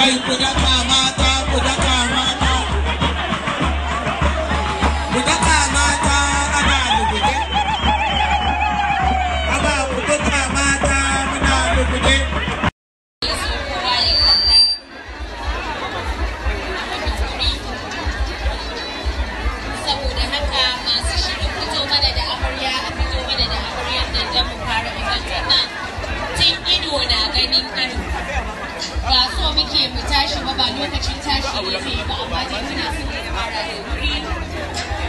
kai ku dafa ma yake mu tashi ba ba lokacin tashi ne ba amma dai muna son ya fara da wuri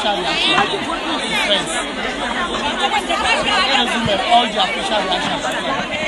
facial reaction is friends. Every woman, all their facial reactions.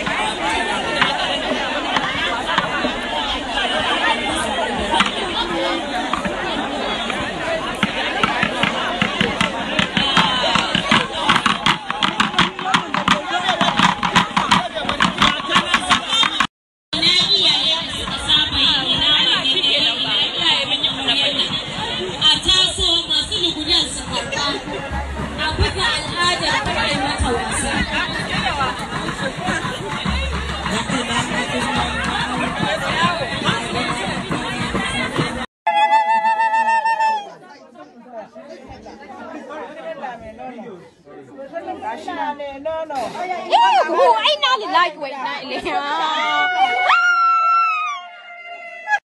No, no. Ew, not like wait nightly. Ah.